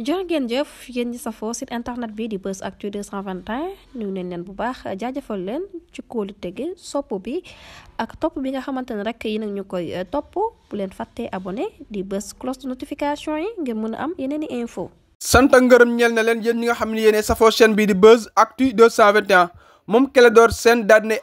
jërë ngeen jëf yéen ñi safoo site internet bi di bës Actu 221 ñu neen leen bu baax jaajëfal leen ci kóolu tege sopp bi ak topp bi nga xamante ne rek yi nag ñu koy eh, topp bu leen fàttee abone di bës cloche de notification yi ngeen mën a am yeneen i info sant ak ngërëm ñeel na leen yéen ñi nga xam ne yéenee safoo chaîne bi di Buzz Actu 221 moom Clédor Sène daal ne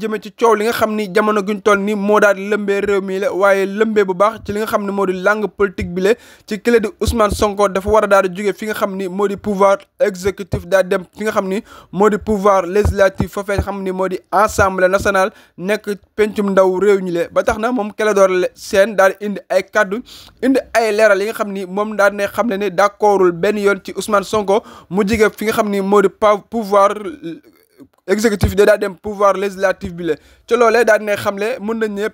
jëme ci coow li nga xam ni jamono guñ toll moo daal lëmbee réew mi la waaye lëmbee bu baax ci li xam ne moo di langue politique bi la ci kële di Ousmane Sonko war a daal di jóge fi nga xam ni moo di pouvoir exécutif daal dem fi nga xam ni moo di pouvoir législatif foofee nga xam ni moo di assemblée nationale nekk pencum ndaw réew ñi la ba tax na moom Clédor Sène daal indi ay kaddu indi ay leeral yi nga xam ni moom daal ne xam ne ne d'accordul benn yoon ci Ousmane Sonko mu jóge fi nga xam ni moo di pouvoir exécutif da daa dem pouvoir législatif bi la ca loolee daa xam xamle mën nañ ne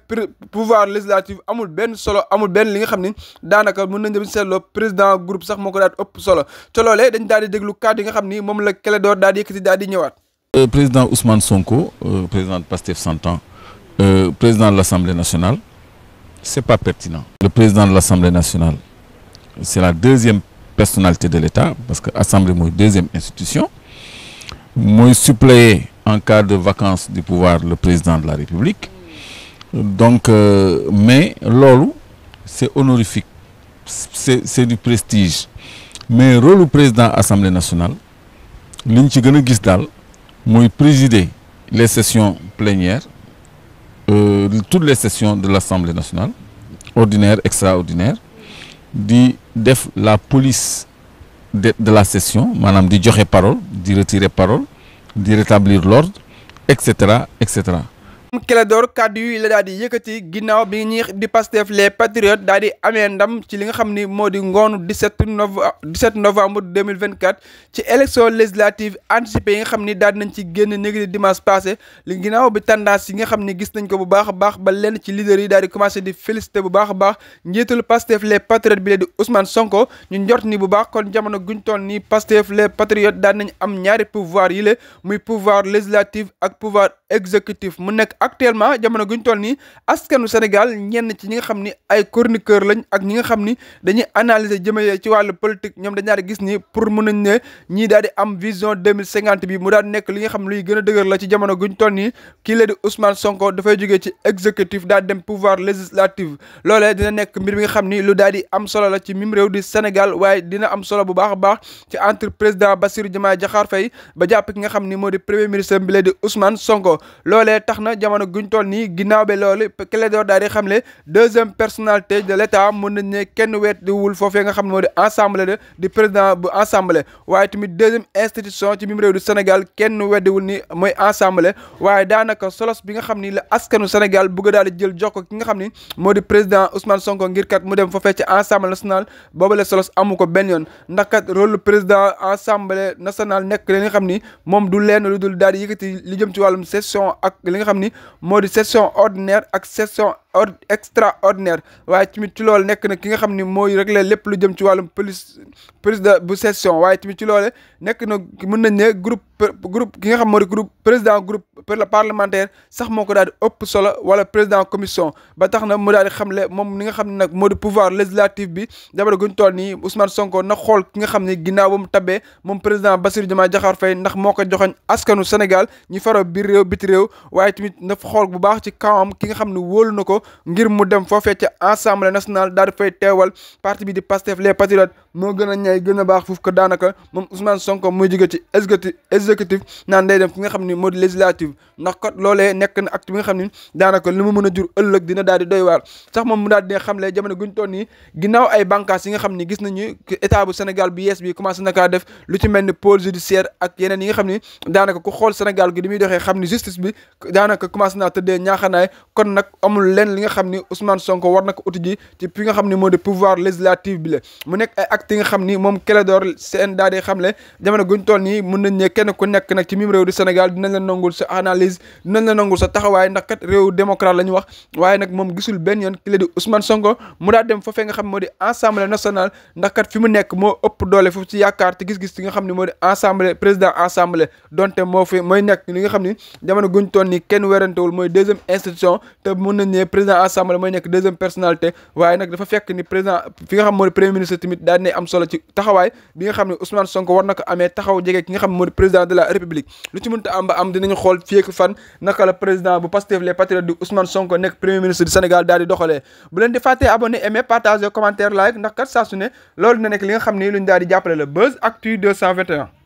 pouvoir législatif amul benn solo amul benn li nga xam ni daanaka mën nañ dem seetloo président groupe sax moo ko daat ëpp solo ca loolee dañ daal di déglu kàddu yi nga xam ni moom la Clédor daal di yëkkati daal di ñëwaat euh, président Ousmane Sonko euh, président de Pastef cent ans euh, président de l'Assemblée nationale c'est pas pertinent le président de l'Assemblée nationale c'est la deuxième personnalité de l'État parce que assemblée mooy deuxième institution mooy suppléer en cas de vacance du pouvoir le président de la République donc euh, mais loolu c'est honorifique c'est c'est du prestige mais rôle président assemblée nationale li ñu ci gën a gis daal mooy présider les sessions plénières euh, toutes les sessions de l'Assemblée nationale ordinaire extraordinaire di def la police de de la session maanaam di joxe parole di retirer parole di rétablir l'ordre et cetera et cetera Clédor kàddu yu la daal di yëkkati ginnaaw bi ñi di Pastef les patriotes daal di amee ndam ci li nga xam ni moo di ngoonu 17 nove 17 novembre 2024 ci élection législative anticipée yi nga xam dimanche passé li ginnaaw bi tendance nga xam ni gis nañ ko bu baax a baax ba lenn ci leader yi daal di commencé di félicité bu baax a baax njiitul Pastef les patriotes bi la di Ousmane Sonko ñu njort ni bu baax kon jamono guñ toll nii Pastef les patriotes nañ am ñaari pouvoir yi la muy actuellement jamono guñ toll nii askanu Sénégal ñenn ci ñi nga xam ni ay chroniqueur lañ ak ñi nga xam ni dañuy analyser jëmee ci wàllu politique ñoom dañ daal di gis ni pour mun nañ ne daal di am vision deux mille cinquante bi mu daal di nekk li nga xam luy gën a dëgër la ci jamono guñ toll ni kii la di Ousmane Sonko dafay jógee ci exécutif daal dem pouvoir législatif loolee dina nekk mbir mi nga xam ni lu daal di am solo la ci mim réew di Sénégal waaye dina am solo bu baax a baax ci entre président Bassirou Diomaye Diakhar fay ba jàpp ki nga xam ni moo di premier ministre bi la di Ousmane jamono guñ toll nii ginnaaw be loolu Clédor daal di xam le deuxième personnalité de l' état mën nañ ne kenn weet di wul foofee nga xam moo di assemblée de di président bu assemblée waaye tamit deuxième institution ci biir réew du Sénégal kenn weddiwul ni mooy assemblée waaye daanaka solos bi nga xam ni la askanu Sénégal bëgg daal di jël jox ki nga xam ni moo di président Ousmane Sonko ngir kat mu dem foofee ci assemblée nationale boobu la solos amu ko benn yoon ndax kat rôle président assemblée nationale nekk li nga xam ni moom du leen lu dul daal di yëkkati li jëm ci wàllum session ak li nga xam ni moo di session ordinaire ak session or extraordinaire waaye tamit ci loolu nekk na ki nga xam ni mooy réglé lépp lu jëm ci wàllum police police de bu session waaye tamit ci loole nekk na mën nañ ne groupe groupe ki nga xam moo di groupe président groupe parlementaire sax moo ko daal di ëpp solo wala président commission ba tax na mu daal xam le moom ni nga xam ne nag moo di pouvoir législatif bi jamono guñ toll nii Ousmane Sonko na xool ki nga xam ne ginnaaw ba mu moom président Bassirou Diomaye Diakhar Faye ndax moo ko joxoñ askanu Sénégal ñi faroo biir réew biti réew waaye tamit na xool bu baax ci kawam ki nga xam ne wóolu na ko ngir mu dem foofee ca assemblée nationale daal di fay teewal parti bi di Pastef les patriotes moo gën a ñaay gën a baax foofu ko daanaka moom Ousmane Sonko muy jóge ci exécutif exécutif naan day dem fi nga xam ni moo di législative ndax kat loolee nekk na acte bi nga xam ni daanaka li mu mën a jur ëllëg dina daal di doy waar sax moom mu daal di xam le jamono guñ toll nii ginnaaw ay xam ni gis nañu état bu Sénégal bu yees bi commencé na kaa def lu ci mel ni pôle judiciaire ak yi nga xam ni daanaka ku xool Sénégal gi di muy doxee xam ni justice bi daanaka commencé naa tëddee ñaaxanaay kon nag amul li nga xam ni Ousmane Sonko war na ko uti ci fi nga xam ni moo di pouvoir législatif bi la mu nekk ay actes xam ni moom Clédor Sène daal di xam le jamono guñ toll kenn ku nekk nag ci mim réew di Sénégal dinañ la nangul sa analyse dinañ la nangul sa taxawaay ndax kat réew wax waaye nag moom gisul benn yoon ki la di Ousmane Sonko mu daa dem foofee xam moo di Assemblée nationale ndax kat mu nekk moo ëpp doole foofu ci yaakaar te gis-gis yi nga xam ne moo di Assemblée président Assemblée donte moo fi mooy nekk li nga xam ni jamono guñ toll nii kenn werantewul mooy deuxième institution te mun nañ ne président assemblée mooy nekk deuxième personnalité waaye nag dafa fekk ni président fi nga xam moo premier ministre tamit daal di am solo ci taxawaay bi nga xam ne Ousmane Sonko war ko amee taxaw jege ki nga xam ne président de la république lu ci mënta am am dinañu xool fii fan naka la président bu Pastef les patriotes di Ousmane Sonko nekk premier ministre du Sénégal daal di bu leen di fàttee abonné aimé partager commentaire like ndax